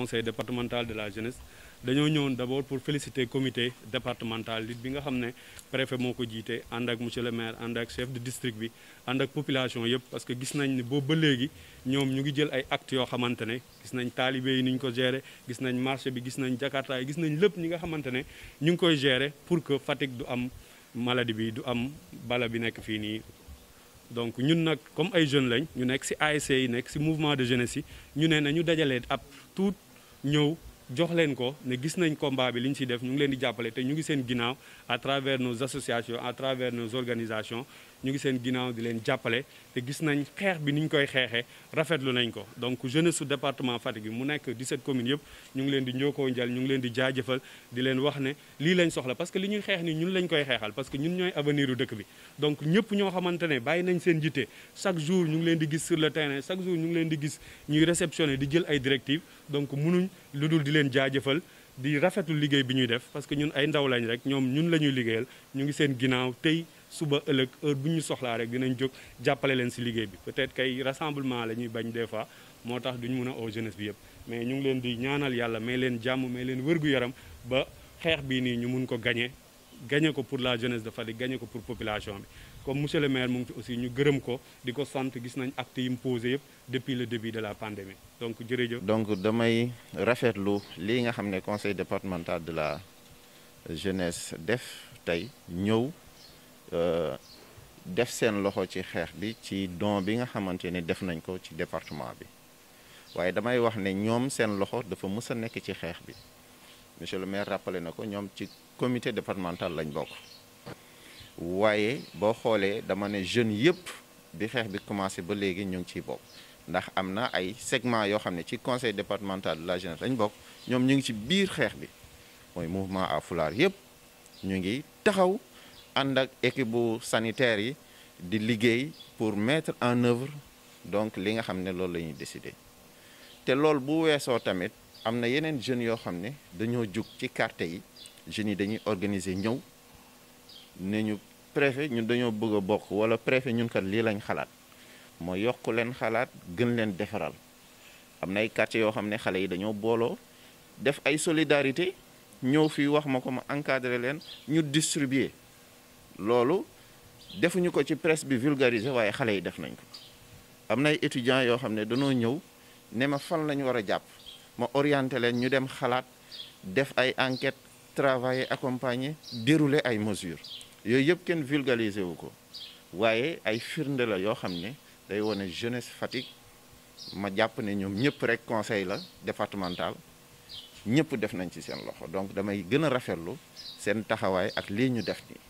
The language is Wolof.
conseil départemental de la jeunesse dañoo ñëwoon d' abord pour féliciter comité départemental bi nga xam ne préfet moo ko jiite ànd ak monsieur le maire ànd ak chef de district bi ànd ak population yëpp parce que gis nañ ne boobu ba léegi ñoom ñu ngi jël ay actes yoo xamante ne gis nañ taalibe yi ni ñu ko gérer gis nañ marché bi gis nañ jakarta yi gis nañ lépp ñi nga xamante ne ñu ngi koy gérer pour que Fatick du am maladie bi du am bala bi nekk fii nii donc ñun nag ñu nekk ci ASC yi nekk ci de jeunesse yi ñëw jox leen ko ne gis nañ combat bi li ñu ci def ñu ngi leen di jàppale te ñu ngi seen ginnaaw à travers nos associations à travers nos organisations ñu ngi seen ginnaaw di leen jàppale te gis nañ xeex bi ni ñu koy xeexee rafetlu nañ ko donc jeunesse su département Fatick bi mu nekk di 17 communes yëpp ñu ngi leen di njookoo njal ñu ngi leen di jaajëfal di leen wax ne lii lañ soxla parce que li ñuy xeex ni ñun lañ koy xeexal parce que ñun ñooy avenir u dëkk bi donc ñëpp ñoo xamante ne bàyyi nañ seen jitte chaque jour ñu ngi leen di gis s le terrain chaque jour ñu ngi leen di gis ñuy réceptionné di jël ay directives donc mënuñ leen jaajëfal di rafetu liggéey bi ñuy def parce que ñun ay ndaw lañ rek ñoom ñun la ñuy liggéeyal ñu ngi seen ginnaaw tey suba ëllëg heure bu ñu soxlaa rek dinañ jóg jàppale leen si liggéey bi peut-être kay rassemblement la ñuy bañ des fois moo tax duñ mun a oo jeunesse bi yëpp mais ñu ngi leen di ñaanal yàlla may leen jàmm may leen gu yaram ba xeex bii nii ñu mun ko gañe gagné ko pour la jeunesse de Fatick gagné ko pour population bi comme monsieur le maire mu ngi fi aussi ñu gërëm ko di ko sant gis nañ acte yi mu yëpp depuis le début de la pandémie donc jërëjëf. donc damay rafetlu lii nga xam ne conseil départemental de la jeunesse def tey ñëw euh, def seen loxo ci xeex bi ci don bi nga xamante ne def nañ ko ci département bi waaye damay wax ne ñoom seen loxo dafa mës a nekk ci xeex bi. monsieur le maire rappelé na ko ñoom ci comité départemental lañ bokk waaye boo xoolee dama ne jeunes yëpp bi xeex bi commencé ba léegi ñu ngi ciy bokk ndax am na ay segment yoo xam ne ci conseil départemental de la jeunesse lañ bokk ñoom ñu ngi ci biir xeex bi mooy mouvement à fulaar yëpp ñu ngi taxaw ànd ak équipe bu sanitaire yi di liggéey pour mettre en œuvre donc li nga xam ne loolu lañuy ñuy te loolu bu weesoo tamit am na yeneen jeunes yoo xam ne dañoo jug ci quartier yi jeunes yi dañuy organiser ñëw ne ñu préfet ñun dañoo bëgg a bokk wala préfet ñun kat lii lañ xalaat mooy yokk leen xalaat gën leen defaral am na ay quartier yoo xam ne xale yi dañoo booloo def ay solidarité ñëw fii wax ma ko ma encadré leen ñu distribuer loolu defuñu ko ci presse bi vulgariser waaye xale yi def nañ ko am na ay étudiants yoo xam ne dañoo ñëw ne ma fan lañu war a jàpp ma orienté leen ñu dem xalaat def ay enquête travailler accompagner dérouler ay mesures yooyu yëpp kenn vulgariser wu ko waaye ay firnde la yoo xam ne day wane jeunesse Fatick ma jàpp ne ñoom ñëpp rek conseil la départemental ñëpp def nañ ci seen loxo donc damay gën a rafetlu seen taxawaay ak lii ñu def nii